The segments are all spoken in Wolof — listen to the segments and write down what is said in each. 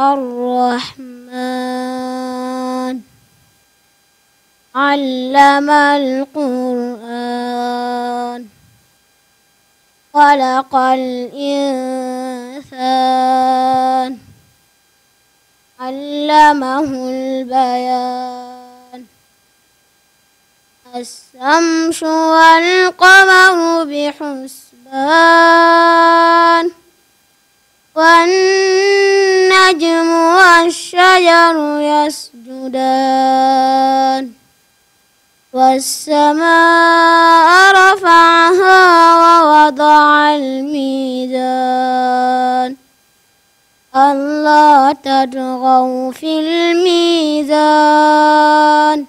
الرحمن علم القرآن خلق الإنسان علمه البيان الشمس والقمر بحسبان والنجم والشجر يسجدان والسماء رفعها ووضع الميزان ألا تطغوا في الميزان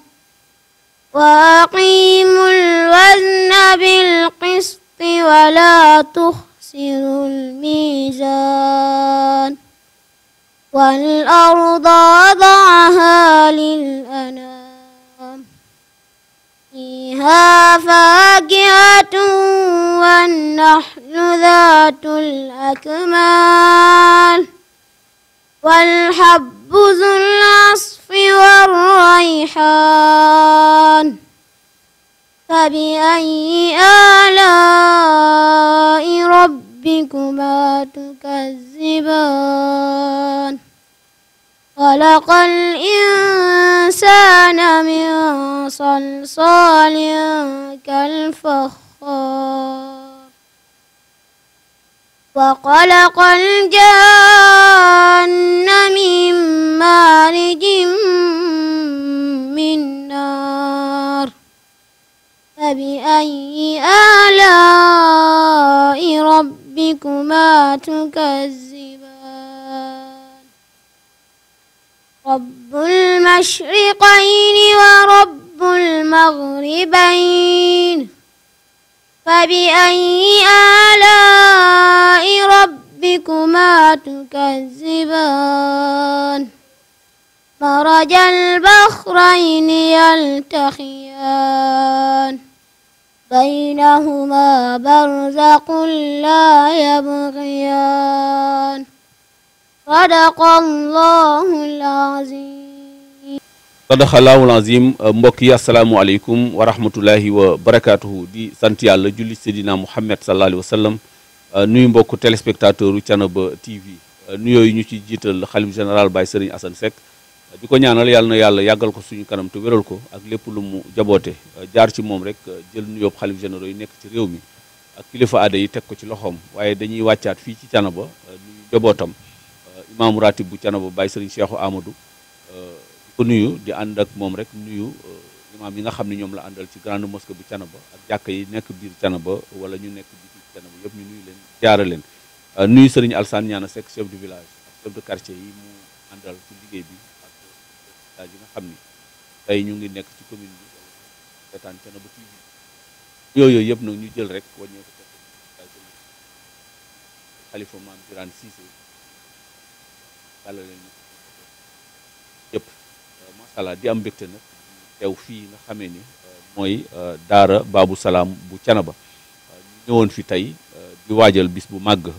وأقيموا الوزن بالقسط ولا تخسروا يخسر الميزان والأرض وضعها للأنام فيها فاكهة والنحل ذات الأكمام والحب ذو العصف والريحان فبأي آلاء ربكما تكذبان خلق الإنسان من صلصال كالفخار وخلق الجن من مارج فبأي آلاء ربكما تكذبان رب المشرقين ورب المغربين فبأي آلاء ربكما تكذبان مرج البحرين يلتقيان بينهما برزق لا يبغيان صدق الله العظيم صدق الله العظيم mbokk yi asalaamualeykum wa rahmatullahi di sant yàlla julli Seydina Muhammad sallallahu alayhi wa sallam nuyu mbokk téléspectateur u Thiénaba TV nuyooyu ñu ci jiital xalif général Baye Serigne Assane Seck di ko ñaanal yàlla na yàlla yàggal ko suñu kanam te wéral ko ak lépp lu mu jaboote euh, jaar ci moom rek euh, jël nuyoo xalif généro yi nekk ci réew mi ak kilifa aada yi teg ko ci loxoom waaye dañuy wàccaat fii ci Canaba euh, nuyu jabootam imaamu ratib bu Canaba Baye Serigne Cheikhou Amadou di ko nuyu di ànd ak moom rek nuyu imaam yi nga xam ne ñoom la àndal ci grande mosquée bu Canaba ak jàkka yi nekk biir Canaba wala ñu nekk biir Canaba yëpp ñu nuyu leen jaara leen nuyu Serigne Alsane ñaana Seck chef village ak yi mu àndal ci liggéey bi candidat yi nga xam ni tey ñu ngi nekk ci commune bi seetaan yooyu yëpp nag ñu jël rek wàññee ko xalifa maam Birane euh, di am mbégte nag teew fii nga xamee ni euh, mooy euh, daara baabu salaam bu Thiénaba ñu ñëwoon fi tey di waajal bis bu màgg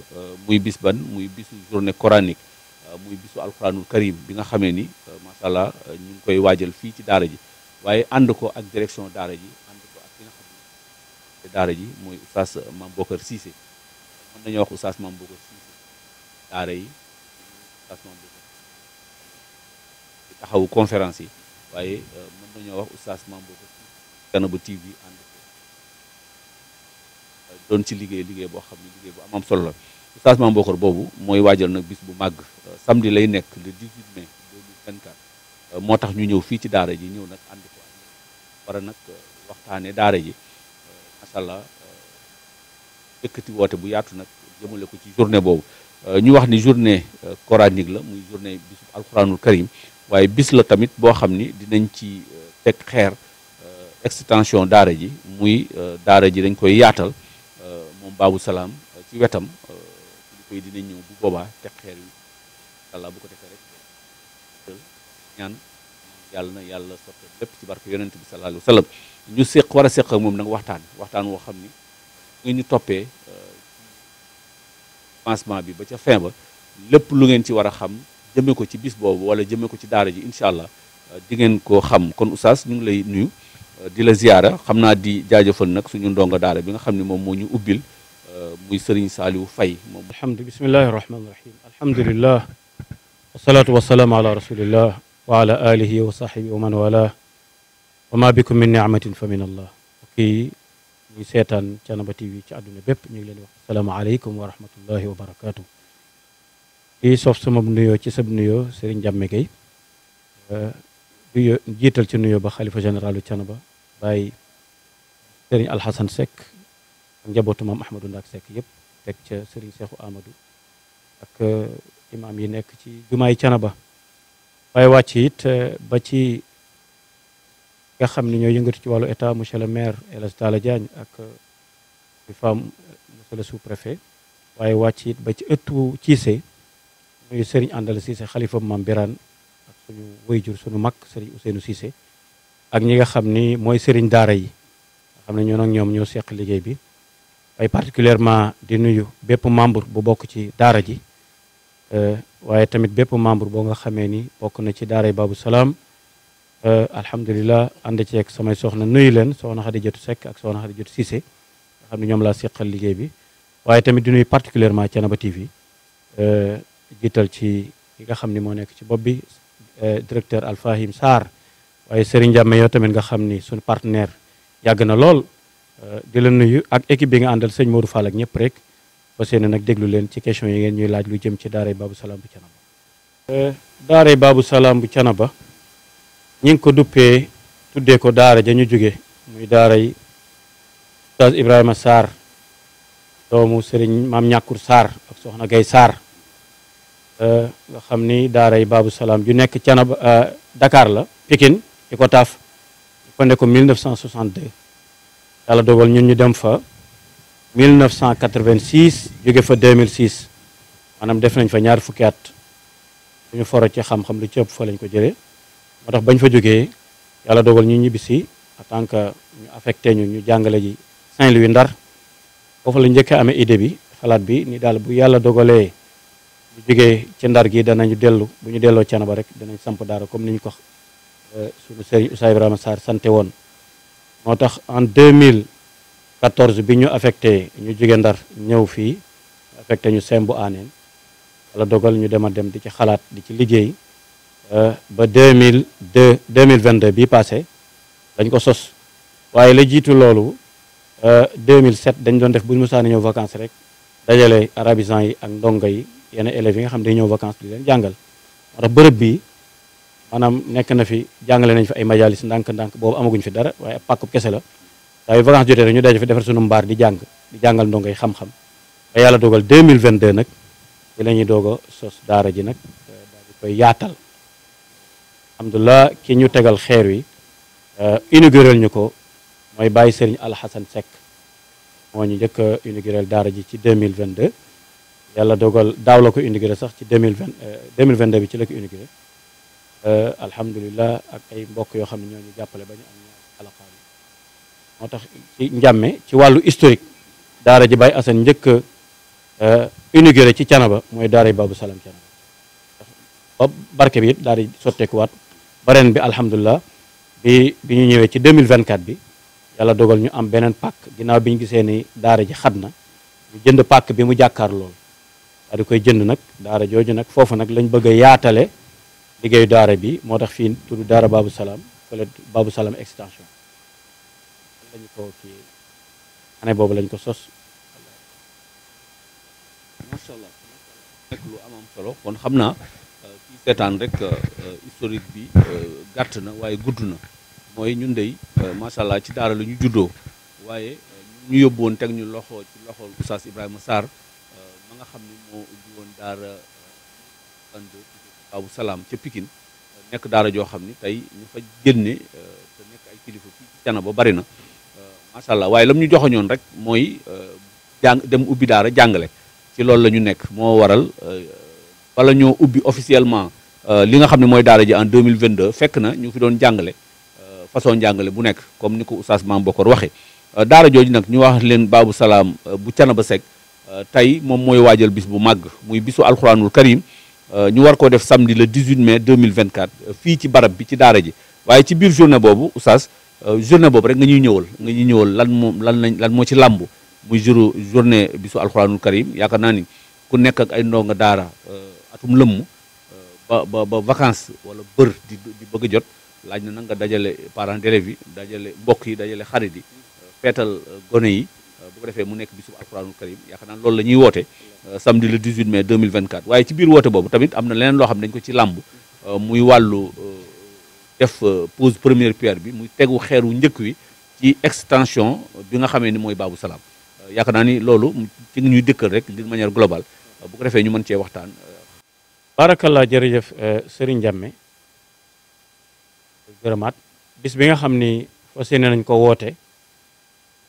muy bis ban muy bisu journée coranique Euh, muy bisu alxuraanul karim bi nga xamee ni euh, macha allah euh, ñu ngi koy waajal fii ci daara ji waaye ànd ko ak direction daara ji ànd ko ji mooy oustaz Mam Bokar Cissé mën nañoo wax oustaz Mam Bokar Cissé daara yi oustaz Mam Bokar taxawu conférence yi waaye mën nañoo wax oustaz Mam Bokar Kanabu TV ànd ko ci liggéey liggéey boo xam ne liggéey bu am am solo la Oustaz Mame boobu mooy waajal nag bis bu màgg euh, samedi lay nekk le 18 mai 2024 euh, moo tax ñu ñëw fii ci daara ji ñëw nag ànd ko wara nag euh, waxtaane daara ji macha allah yëkkati woote bu yaatu nag jëmale ko ci journée boobu ñu wax ni journée coranique la muy journée bisu alquranul karim waaye bis la tamit boo xam ni dinañ ci teg xeer extension daara ji muy daara ji dañ koy yaatal moom baabu salaam ci wetam malaaka dina ñëw bu boobaa teg xeer wi yàlla bu ko defee rek ñaan yàlla na yàlla soppe lépp ci barke yonent bi sallallahu alayhi wa ñu séq war a séq moom nag waxtaan waxtaan woo xam ni nga ñu toppee euh, commencement bi ba ca fin ba lépp lu ngeen ci war a xam jëmee ko ci bis boobu wala jëmee ko ci daara ji incha allah euh, di ngeen ko xam kon oustaz ñu ngi lay nuyu euh, di la ziyaara xam naa di jaajëfal nag suñu ndongo daara bi nga xam ne moom moo ñu ubbil muy Serigne Saliou Faye moom alhamdu bismillahi rahmaani rahim alhamdulillah wasalaatu wasalaamu ala rasulillah wa ala alihi wa bikum min niamatin fa min allah kii muy seetaan TV ci àdduna bépp ñu ngi leen wax asalaamaaleykum wa rahmatullahi wa barakaatu kii sof sama nuyoo ci sab nuyoo Serigne Jàmme Gueye nuyoo euh, jiital ci nuyoo ba xalifa généralu Thiénaba bàyyi Serigne Alxasan Seck ak njabootu maam Ahmadou Ndack Seck yëpp teg ca Serigne Cheikhou Amadou ak euh, imaam yi nekk ci jumaay Canaba waaye wàcc it euh, ba ci nga xam ne ñooy yëngatu ci wàllu état le maire El Hadj ak di euh, femme waaye wàcc ba ci ëttu Cissé muy sëriñ Andal Cissé xalifa maam Birane ak suñu wayjur suñu mag Serigne Ousseynou Cissé ak ñi nga xam ni mooy Serigne daara yi nga xam ne ñoo nag ñoom ñoo seq liggéey bi waaye particulièrement di nuyu bépp membre bu bokk ci daara ji euh, waaye tamit bépp membre boo nga xamee ni bokk na ci daaray Babou Salam euh, alhamdulilah ànd ci ak samay soxna nuyu leen soxna Xadijatu Sekk ak soxna Xadijatu Sise nga xam ne ñoom laa seqal liggéey bi waaye tamit di nuyu particulièrement Thiénaba TV euh, jiital ci ki nga xam ni moo nekk ci bopp bi directeur Alfahim Sarr waaye Serigne Jammé yoo tamit nga xam ni suñu partenaire yàgg na lool Euh, di la nuyu ak équipe bi nga àndal sëñ Modou Fall ak ñëpp rek fas yéene nag déglu leen ci question yi ngeen ñuy laaj lu jëm ci daaray Babou Salam bu Canaba euh, daaray Babou Salam bu Canaba ñi ngi ko duppee tuddee ko daara ja ñu jóge muy daaray Oustaz Ibrahima Sarr doomu sëriñ maam ñàkkur Sarr ak soxna Gay Sarr euh, nga xam ni daaray Babou Salam ju nekk Canaba Dakar la Pikine di ko taaf ñu fande ko 1962 yàlla dogal ñun ñu dem fa 1986 jóge fa 2006 maanaam def nañ fa ñaar fukki at ñu foro ci xam-xam lu ci fa lañ ko jëlee moo tax bañ fa jógee yàlla dogal ñu ñibbisi en tant que ñu affecté ñu ñu jàngale ji Saint-Louis Ndar foofu la njëkk amee idée bi xalaat bi ni daal bu yàlla dogalee ñu jógee ci Ndar gi danañu dellu bu ñu delloo Thiénaba rek danañ samp daara comme ni ñu ko euh, suñu sëriñ Oussa Ibrahima Sarr sante woon moo tax en mille 2014 bi ñu affecte ñu jóge ndar ñëw fii affecté ñu sembu aaneen wala dogal ñu dema dem di ci xalaat di ci liggéey euh, ba mille mille 2002 2022 bi passé dañ ko sos waaye la jiitu loolu euh, mille 2007 dañ doon def bu ñu musaani ñëw vacances rek dajale arabisants yi ak ndongo yi yenn élèves yi nga xam ne day ñëw vacances di leen jàngal moo tax bërëb bi maanaam nekk na fi jàngale nañ fi ay majalis ndànk-ndànk boobu amaguñ fi dara waaye ab pàkku kese la saa yu vacances jotee rek ñu daje fi defar sunu mbaar di jàng di jàngal ndongo yi xam-xam ba yàlla dogal 2022 nag ci la doog a daara ji nag daal di koy yaatal alhamdulilah ki ñu tegal xeer wi euh, inaugural ñu ko mooy bàyyi sëriñ alxasan Seck moo ñu njëkk a inaugural daara ji ci mille 2022 yàlla dogal daaw la ko inauguré sax ci 2020 2022 euh, bi ci la ko inauguré Euh, alhamdulilah ak ay mbokk yoo xam ne ñoo ñu jàppale ba ñu am ñaari alaqaam moo tax ci njàmme ci wàllu historique daara ji Baye Assane njëkk a euh, inauguré ci Canaba mooy daara ji Babou Salam Canaba barke bi it daal di sotteekuwaat ba bi alhamdulilah bi bi ñu ñëwee ci 2024 bi yàlla dogal ñu am beneen pàkk ginnaaw bi ñu gisee ni daara ji xat na ñu jënd pàkk bi mu jàkkaar lool daal di koy jënd nag daara jooju nag foofu nag lañ bëgg a yaatale liggéeyu daara bi moo tax fii tudd daara Babou Salam fële baabu Salam extension lañu ko kii année boobu lañ ko sos macha allah lu amam solo kon xam naa euh, kii seetaan rek euh, euh, historique bi gàtt na waaye gudd na mooy ñun ndey macha ci daara la ñu juddoo waaye ñu yóbbu woon teg ñu loxo ci loxol Oustaz Ibrahima Sarr ma nga xam ni moo ubbi woon daara Abou Salaam ca Pikine nekk daara joo xam ni tey ñu fa génne euh, te nekk ay kilifa fii ci cana ba bari na euh, macha allah waaye lam ñu joxoñoon rek mooy euh, jàng dem ubbi daara jàngale ci loolu la ñu nekk moo waral bala ñoo ubbi officiellement li nga xam ne mooy daara ji en 2022 fekk na ñu fi doon jàngale façon jàngale bu nekk comme ni ko oustaz Maam Bokor waxee daara jooju nag ñu wax leen baabu Salaam bu cana ba sec tey moom mooy waajal bis bu màgg muy bisu alxuraanul karim Euh, ñu war koo def samedi le 18 mai 2024 euh, fii ci barab bi ci daara ji waaye ci biir journée boobu oustaz euh, journée boobu rek nga ñuy ñëwal nga ñuy ñëwal lan lan lañ lan moo ci làmb muy jour journée bisu alxuraanul karim yaakaar naa ni ku nekk ak ay ndonga daara atum lëmm ba ba ba wala bër a jot laaj na nag nga dajale parents d'élèves yi dajale mbokk yi dajale xarit yi feetal gone yi bu ko defee mu nekk bisu alxuraanul karim yaakaar naa loolu la ñuy woote Euh, samedi le 18 mai 2024 waaye ci biir woote boobu tamit am na leneen loo xam ne dañ ko ci làmb euh, muy wàllu euh, def pose première pierre bi muy tegu xeeru njëkk wi ci extension bi nga xamee ni mooy baabu salaam yaakaar naa ni loolu ci ngi ñuy dëkkal rek d'une manière globale bu ko defee ñu mën cee waxtaan. barakallah jërëjëf Serigne Ndiame gërëmaat bis bi nga xam ni fas yéene nañ ko woote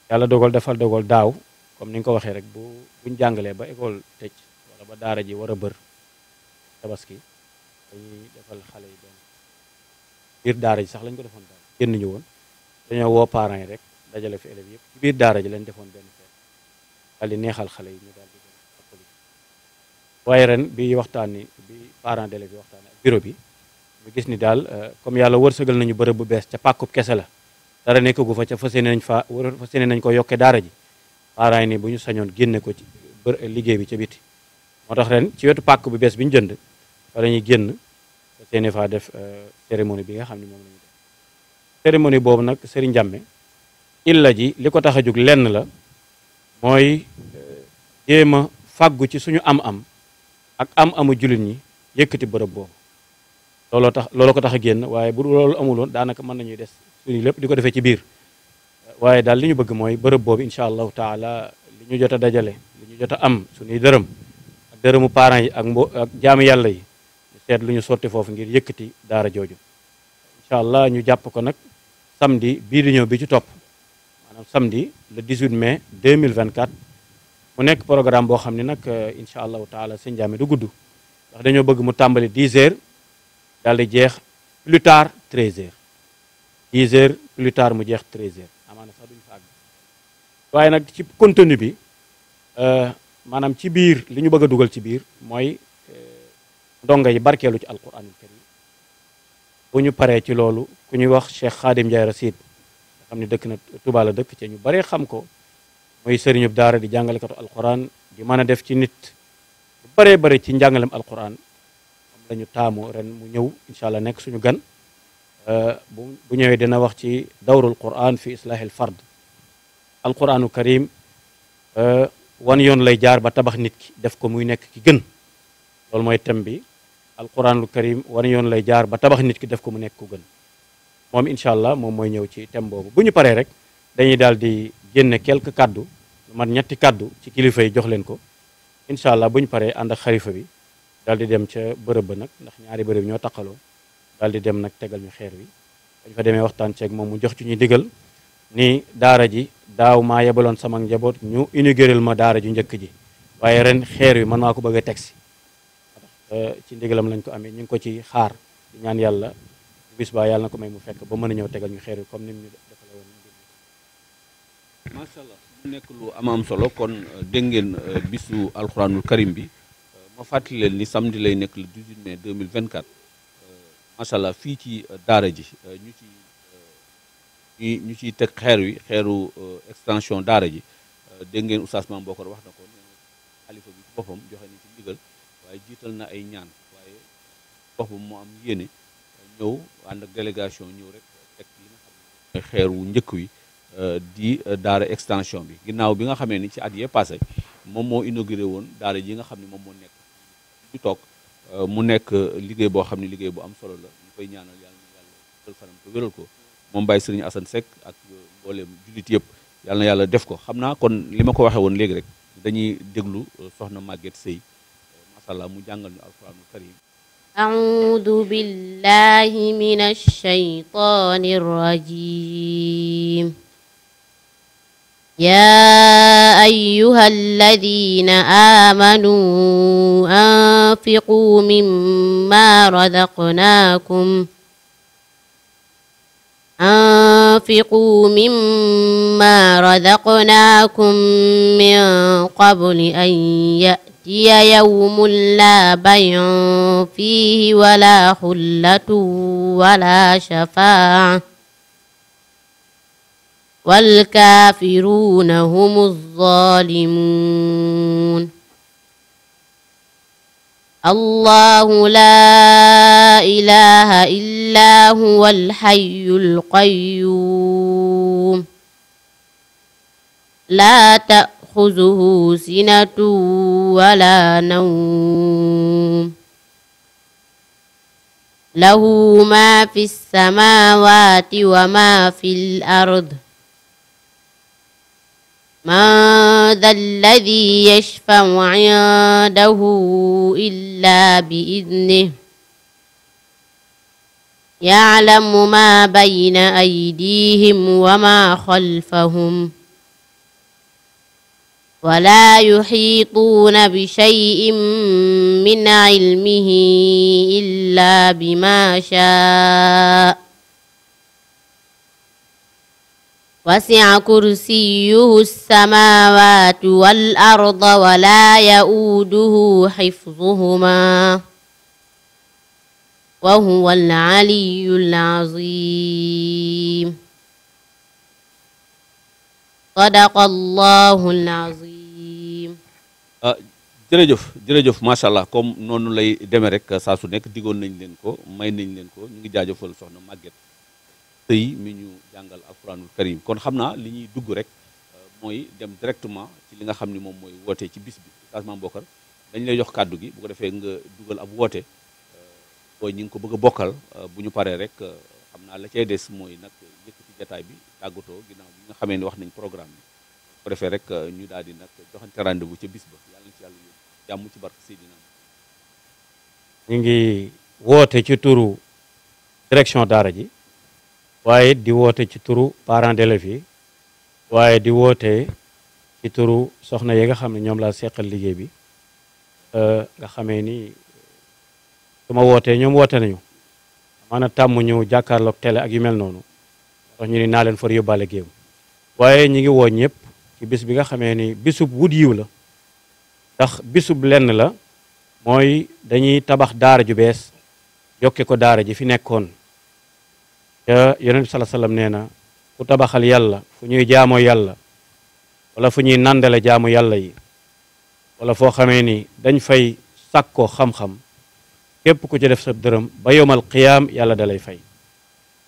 yàlla dogal defal dogal daaw. comme ni nga ko waxee rek bu buñ jàngalee ba école tëj wala ba daara ji war a bër tabaski dañuy defal xale yi benn biir daara ji sax lañ ko defoon daal génn ñu woon dañoo woo parents yi rek dajale fi élèves yëpp ci biir daara ji lañ defoon benn feet daal neexal xale yi ñu daal di waaye ren bi waxtaan ni di parents d'élèves yi waxtaan ak bureau bi ñu gis ni daal euh, comme yàlla wërsëgal nañu bërëb bu bees ca pàkkub kese la dara nekkagu fa ca fas yéene nañ fa fas yéene nañ ko yokke daara ji parents ni bu ñu sañoon génne ko ci liggéey bi ca biti moo tax ren ci wetu pàkk bu bees bi ñu jënd fa ñuy génn seeni faa def euh, cérémonie bi nga xam ne moom la ñu def boobu nag Serigne jàmme illa ji li ko tax a jóg lenn la mooy euh, jéem a fàggu ci suñu am-am ak am-amu jullit ñi yëkkati bërëb boobu looloo tax looloo ko tax a génn waaye bu loolu amuloon daanaka mën nañuy des lépp di ko defee ci biir waaye daal li ñu bëgg mooy bërëb boobu incha allahu taala lu ñu jot a dajale lu ñu jot a am suñuy dërëm ak dërëmu parent yi ak mbo ak jaami yàlla yi ñu seet lu ñu sotti foofu ngir yëkkati daara jooju incha allah ñu jàpp ko nag samedi bii di ñëw bi ci topp maanaam samedi le 18 mai 2024 mu nekk programme boo xam ne nag euh, incha allahu taala seen jaami du gudd ndax dañoo bëgg mu tàmbali 10 heures daal di jeex plus tard 13 heures 10 heures plus tard mu jeex 13 amaana sax duñ fa àgg waaye nag ci contenu bi euh, maanaam ci biir lu ñu bëgg a dugal ci biir mooy euh, ndongo yi barkeelu ci alquranul karim bu ñu paree ci loolu ku ñuy wax Cheikh Khadim Ndiaye Rasid nga xam ne dëkk na Touba la dëkk ci ñu baree xam ko muy sëriñub daara di jàngalekatu alquran di mën a def ci nit lu baree bare ci njàngalem alquran am la ñu taamu ren mu ñëw incha allah nekk suñu gan bu ñëwee dina wax ci dawrul quran fi islahil fard alquranu karim euh, wan yoon lay jaar ba tabax nit ki def ko muy nekk ki gën loolu mooy thème bi alquranul karim wan yoon lay jaar ba tabax nit ki def ko mu nekk ku gën moom incha allah moom mooy ñëw ci thème boobu bu ñu paree rek dañuy daal di génne quelque kàddu lu mat ñetti kàddu ci kilifa yi jox leen ko incha allah bu ñu paree ànd ak xarifa bi daal di dem ca bërëb ba nag ndax ñaari bërëb ñoo taqaloo daal di dem nag tegal ñu xeer wi dañ fa demee waxtaan ceeg moom mu jox ci ñu digal ni daara ji daaw maa yebaloon sama njaboot ñu inaugurer ma daara ju njëkk ji waaye ren xeer wi man maa ko bëgg a teg si euh, ci ndigalam lañ ko amee ñu ngi ko ci xaar di ñaan yàlla bis baa yàlla na ko may mu fekk ba mën a ñëw tegal ñu xeer wi comme ni ñu defale woon macha allah mu nekk lu am am solo kon euh, dégg ngeen euh, bisu alxuraanul karim bi ma fàttali leen ni samedi lay nekk le 18 mai 2024 macha allah fii ci euh, daara ji euh, ñu ci euh, ñu ñu ciy teg xeer wi xeeru extension daara ji dégg ngeen oustaz Mame wax na ko alifa bi ci boppam joxe ni ci ndigal waaye jiital na ay ñaan waaye boppam mu am yéene ñëw ànd ak ñëw rek xeer wu njëkk wi di daara extension bi ginnaaw bi nga xamee ni ci at yee passé moom moo inauguré woon daara ji nga xam ni moom moo nekk ñu toog Euh, mu nekk liggéey boo xam ne liggéey bu am solo la ñu koy ñaanal yàlla na yàlla jël fanam te wéral ko moom Baye Serigne Assane Seck ak euh, mbooleem jullit yëpp yàlla yàlla def ko xam naa kon li ma ko waxee woon léegi rek dañuy déglu euh, soxna Maguette Seye macha allah mu jàngal ñu alquranul karim أعوذ بالله من الشيطان الرجيم يا أيها الذين آمنوا أنفقوا مما رزقناكم أنفقوا مما رزقناكم من قبل أن يأتي يوم لا بيع فيه ولا خلة ولا شفاعة walkaafiruuna humu zaalimuun allahu laa ilaaha illaa huwa alhayyul qayyuum laa ta'xuzuhu sinatun walaa nawm lahu maa fi samaawaati wa maa fil ard ما ذا الذي يشفع عنده إلا بإذنه يعلم ما بين أيديهم وما خلفهم ولا يحيطون بشيء من علمه إلا بما شاء وسع كرسيه السماوات والأرض ولا يؤوده حفظهما وهو العلي العظيم صدق الله العظيم jërëjëf jërëjëf macha allah comme noonu lay demee rek saa su nekk diggoon nañ leen ko may nañ leen ko ñu ngi jaajëfal soxna Maguette tey mi ñu jàngal alquranul karim kon xam naa li ñuy dugg rek euh, mooy dem directement ci li nga xam ni moom mooy woote ci bis bi Oustaz Mame Bocar dañ lay jox kàddu gi bu ko defee nga dugal ab woote euh, booy ñi ngi ko bëgg a bokkal euh, bu ñu paree rek xam naa la cay des mooy nag yëkkati bi tàggatoo ginnaaw bi nga xamee ni wax nañ programme bi bu defee rek ñu daal di nag joxante rendez bu ca bis ba yàlla na ci yàlla yóbbu jàmm ci barke Seydina ñu ngi woote ci turu direction daara ji waaye di woote ci turu parents d'élèves waaye di woote ci turu soxna yi nga xam ne ñoom laa seqal liggéey bi euh, nga xamee ni su wootee ñoom woote nañu maanaam tàmm ñu jàkkaarloog télé ak yu mel noonu wax ñu ni naa leen far yóbbaale géew waaye ñi ngi woo ñëpp ci bis bi nga xamee ni bisub wut yiw la ndax bisub lenn la mooy dañuy tabax daara ju bees yokke ko daara ji fi nekkoon ca yonent bi sala sallam nee na ku tabaxal yàlla fu ñuy jaamoo yàlla wala fu ñuy nandale jaamu yàlla yi wala foo xamee ni dañ fay sàkkoo xam-xam képp ku ci def sa dërëm ba yomal qiyaam yàlla da lay fay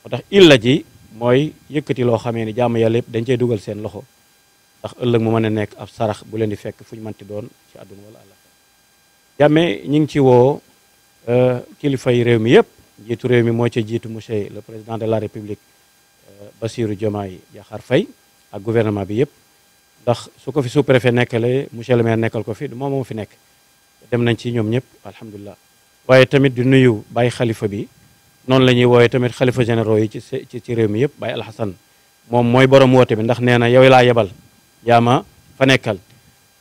moo tax illa ji mooy yëkkati loo xamee ni jaamu yàlla yëpp dañ cey dugal seen loxo ndax ëllëg mu mën a nekk ab sarax bu leen di fekk fu ñu mënti doon ci àdduna wala àlla jàmme ñi ngi ci woo euh, kilifa yi réew mi yëpp njiitu réew mi moo ci jiitu monsieur le président de la république euh, Bassirou Diomaye Diakhar fay ak gouvernement bi yëpp ndax su ko fi sous préfet nekkale monsieur le maire nekkal ko fi moom moo fi nekk dem nañ ci ñoom ñëpp alhamdulilah waaye tamit du nuyu Baye xalifa bi noonu la ñuy woowee tamit xalifa généraux yi ci ci réew mi yëpp Baye Alxasan moom mooy borom woote bi ndax nee na yow laa yebal yaa ma fa nekkal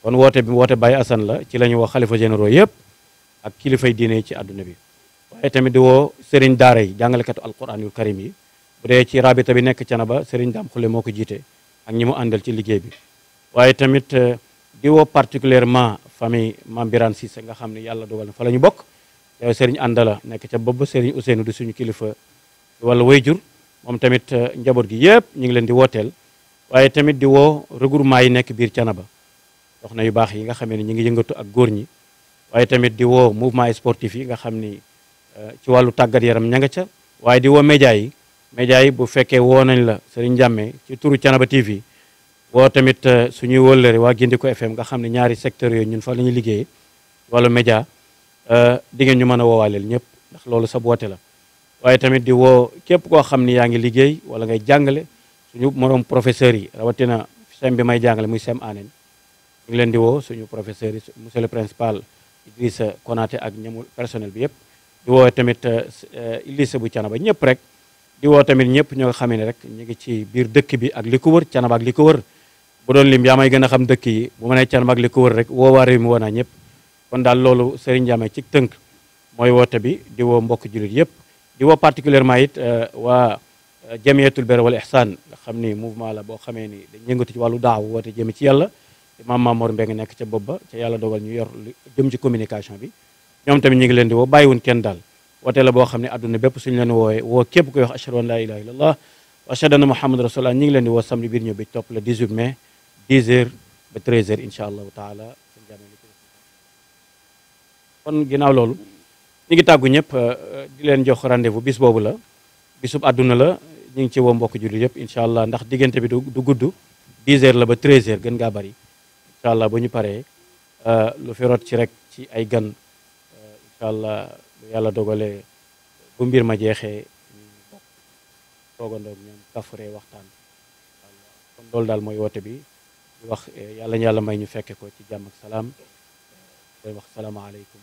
kon woote bi woote Baye Assane la ci la ñu wax xalifa généraux yëpp ak kilifay diine ci àdduna bi waaye tamit di woo seriñ daara yi jàngalekatu alquranul karim yi bu dee ci rabita bi nekk Canaba sëriñ Dame Khoule moo ko jiite ak ñi mu àndal ci liggéey bi waaye tamit eh, di woo particulièrement famille Mame Birane Cissé nga xam ne yàlla dogal na fa ñu bokk yow sëriñ àndala nekk ca bopp sëriñ Ousseynou di suñu kilifa wala jur moom tamit eh, njaboot gi yëpp ñu ngi leen di wooteel waaye tamit di woo regroupement yi nekk biir Canaba dox na yu baax yi nga xam ne ñu ngi yëngatu ak góor ñi waaye tamit di woo mouvement sportif yi nga xam ni ci wàllu tàggat yaram ña nga ca waaye di woo média yi média yi bu fekkee woo nañ la Serigne Jammeh ci turu Thiénaba TV woo tamit euh, suñuy wëllëre waa ko FM nga xam ne ñaari secteurs yooyu ñun fa la ñuy liggéeyee wàllu média euh, di ngeen ñu mën a woowaaleel ñëpp ndax loolu sa boote la waaye tamit di woo képp koo xam ni yaa ngi liggéey wala ngay jàngale suñu moroom professeur yi rawatina sem bi may jàngale muy sem aaneen ñu ngi leen di woo suñu professeurs yi monsieur le principal Idrissa Konaté ak ñamu personnel bi yëpp di woo tamit eh, eh, lycée bu Thiénaba ñëpp rek di woo tamit ñëpp ñoo xamee ne rek ñu ngi ci biir dëkk bi ak liko ko wër Thiénaba ak li ko wër bu doon lim yaa may gën a xam dëkk yi bu ma nee Thiénaba ak li ko wër rek woo waa réew mi woo naa ñëpp kon daal loolu Serigne Ndiamé ci tënk mooy woote bi di woo mbokk jullit yëpp di woo particulièrement it eh, waa jamiyatul ber wal ihsan nga xam ni mouvement la boo xamee ni dañ yëngatu ci wàllu daaw woote jëme ci yàlla imam Mamour Mbengue nekk ca bopp ba ca yàlla dogal ñu yor jëm ci communication bi ñoom tamit ñu ngi leen di woo bàyyiwun kenn daal woote la boo xam ne àdduna bépp suñu leen woowe woo képp koy wax ashhadu an laa ilaha illallah wa ashhadu anna muhammad rasulullah ñu ngi leen di woo samedi biir ñëw bi topp le 18 mai 10 heures ba 13 heures incha allahu taala kon ginnaaw loolu ñu ngi tàggu ñëpp euh, di leen jox rendez-vous bis boobu la bisub àdduna la ñu ngi ci woo mbokk jullit yëpp incha allah ndax diggante bi du gudd 10 heures la ba 13 heures gën ngaa bari incha allah bu ñu paree euh, lu fi rot ci rek ci ay gan incha yàlla dogale bu mbir ma jeexee ñu ñoom kafuree waxtaan kon loolu daal mooy woote bi di wax eh, yàlla yàlla may ñu fekke ko ci jàmm ak salaam day wax salaamaaleykum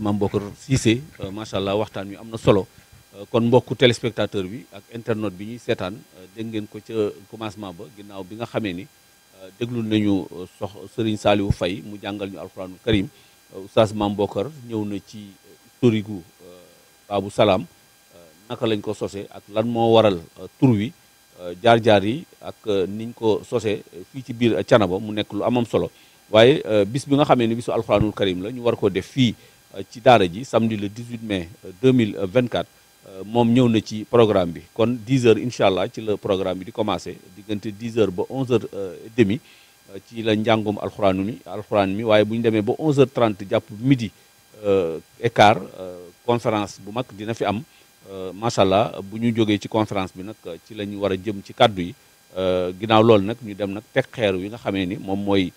Mame Bocar Cissé euh, macha allah waxtaan wi am na solo euh, kon mbokku téléspectateur bi ak internet bi ñuy seetaan euh, dégg ngeen ko ca commencement ba ginnaaw bi nga xamee ni déglu nañu sox sëriñ Saliou fay mu jàngal ñu alxuraanul karim oustaz Mame Bokar ñëw na ci historique euh, gu euh, Babou Salam euh, naka lañ ko sose ak lan moo waral tur wi jaar-jaar yi ak niñ ko sose fii ci biir Thiénaba mu nekk lu amam solo waaye bis bi nga xamee ni bisu alxuraanul karim la ñu war ko def fii ci daara ji samedi le 18 mai 2024 moom ñëw na ci programme bi kon 10 heures incha allah ci la programme bi di commencé diggante 10 heures ba 11 heures et demi ci la njàngum alxuraanu mi alxuraan mi waaye bu ñu demee ba 11 h jàpp midi écart euh, euh, conférence bu mag dina fi am euh, macha allah bu ñu jógee ci conférence bi nag ci la ñu war a jëm ci kàddu yi ginnaaw loolu nag ñu dem nag teg xeer wi nga xamee ni moom mooy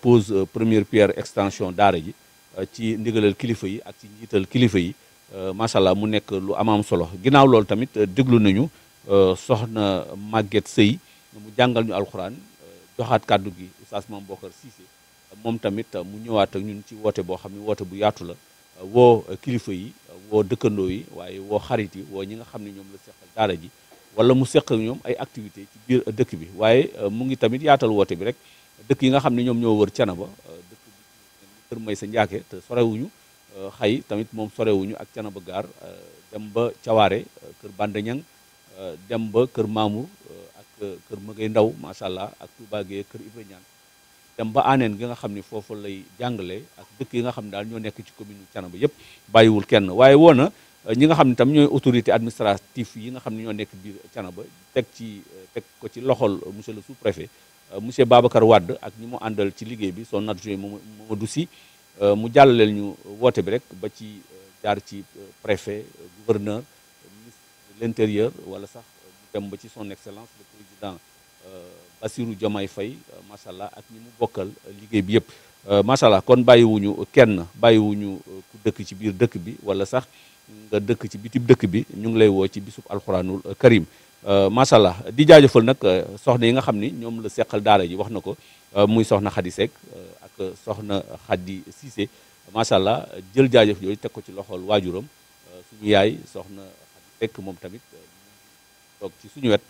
pose première pierre extension daara ji ci ndigalal kilifa yi ak ci njiital kilifa yi macha allah mu nekk lu amaam solo ginnaaw loolu tamit déglu nañu soxna Maguette Sey mu jàngal ñu alxuraan joxaat kàddu gi Oustaz Mame Bocar Cissé moom tamit mu ñëwaat ak ñun ci woote boo xam ne woote bu yaatu la woo kilifa yi woo dëkkandoo yi waaye woo xarit yi woo ñi nga xam ne ñoom la seqal daara ji wala mu seq ñoom ay dëkk bi waaye euh, mu ngi tamit yaatal woote bi rek dëkk yi nga xam ne ñoom ñoo wër Thiénaba euh, dëkk Kër Maysa Njaake te sorewuñu euh, xay tamit moom sorewuñu ak Thiénaba gaar dem ba Cawaare kër Bandañang dem ba kër Mamour kër Magay Ndaw macha allah ak Touba Gueye kër Ibra Niane dem ba aaneen gi nga xam ni foofu lay jàngale ak dëkk yi nga xam ne daal ñoo nekk ci commune Thiénaba yëpp bàyyiwul kenn waaye woona eh, ñi nga xam ne tam ñooy autorité administrative yi nga xam ne ñoo nekk biir Thiénaba teg ci eh, teg ko ci loxol monsieur le sous-préfet eh, monsieur Babacar wàdd ak ñi mu àndal ci liggéey bi son adjoint Mamadou Sy mu jàllaleel ñu woote bi rek ba ci jaar ci préfet gouverneur ministre de wala sax dem ba ci son excellence le président euh, Bassirou Diomaye Faye euh, macha ak ñi mu bokkal euh, liggéey bi yëpp macha allah kon bàyyiwuñu kenn bàyyiwuñu ku dëkk ci biir dëkk bi wala sax nga dëkk ci bitib dëkk bi ñu ngi lay woo ci bisub alxuraanul karim macha allah di jaajëfal nag soxna yi nga xam ni ñoom la seqal daara ji wax na ko muy soxna Khady Seck ak soxna Khady Cissé macha allah jël jaajëf yooyu teg ko ci loxol waajuram suñu yaay soxna Khady Seck moom tamit. toog ci suñu wet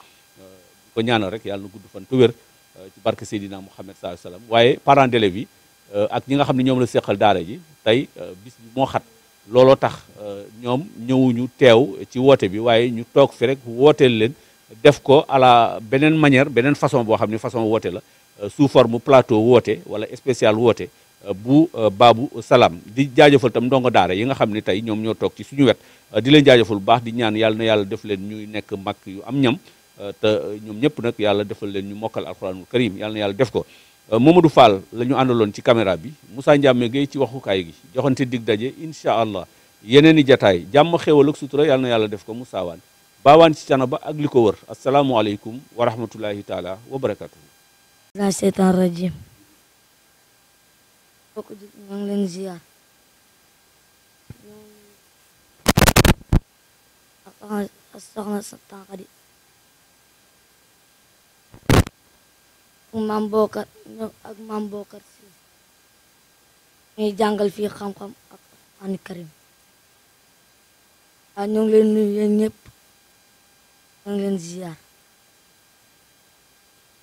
euh, di ko ñaanal rek yàlla na gudd fan tu wér euh, ci barke Seydina Mouhamed sallallahu alayhi waaye parents d'élèves yi euh, ak ñi nga xam ne ñoom la seqal daara ji tey bis bi moo xat looloo tax ñoom ñëwuñu teew ci woote bi waaye ñu toog fi rek wooteel leen def ko à beneen manière beneen façon boo xam ne façon woote la sous forme plateau woote wala spécial woote Euh, bu euh, baabu salaam di jaajëfal tam ndongo daara yi nga xam ne tey ñoom ñoo toog ci suñu wet euh, di leen jaajëfal bu baax di ñaan yàlla na yàlla def leen ñuy nekk mag yu am ñam te ñoom ñëpp nag yàlla defal leen ñu mokkal alxuraanul karim yàlla na yàlla def ko Mamadou Fall la ñu àndaloon ci caméra bi Moussa Ndiame Gueye ci waxukaay gi joxante dig daje incha allah yeneen i jataay jàmm xéwal ak sutura yàlla na yàlla def ko mu saawaan baawaan ci ba ak li ko wër asalaamualeykum wa rahmatullahi taala wa barakatuhu. bokk ji ñoo ngi leen ziar soxna sa tànqadi maam bokkar ak maam bokkar si ñuy jàngal fii xam-xam ak ani karim waaw ñoo ngi leen nuyu yéen ñëpp ñoo ngi leen ziar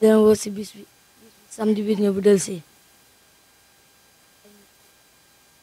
leen woo si bis bi samedi bi ñëw bu del si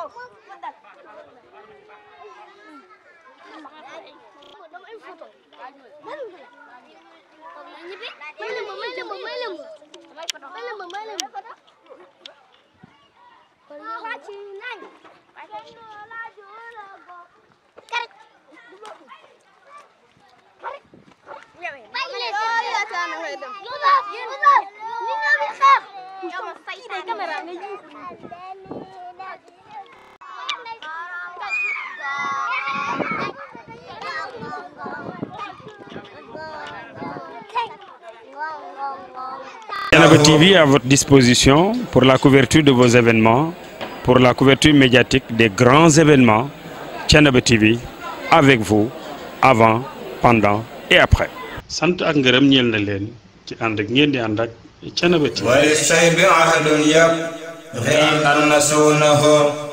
Wow, mantap. Mau main foto. Malu enggak? Main nyebe? Main lembu, main lembu, main lembu. Main lembu, main lembu. Kalau cinan. Karet. Karet. Ya, ya. Baik, ya. Ya, ya. Thiénaba TV à votre disposition pour la couverture de vos événements, pour la couverture médiatique des grands événements. Thiénaba TV avec vous avant, pendant et après. sant ak ngërëm ñeel leen ci ànd ak ngeen di ànd ak